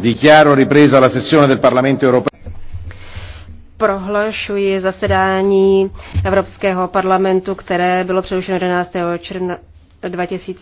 Dichiaro ripresa la sessione del Parlamento europeo. Prohlašuji zasedání Evropského parlamentu, které bylo přerušeno 11. června 2000.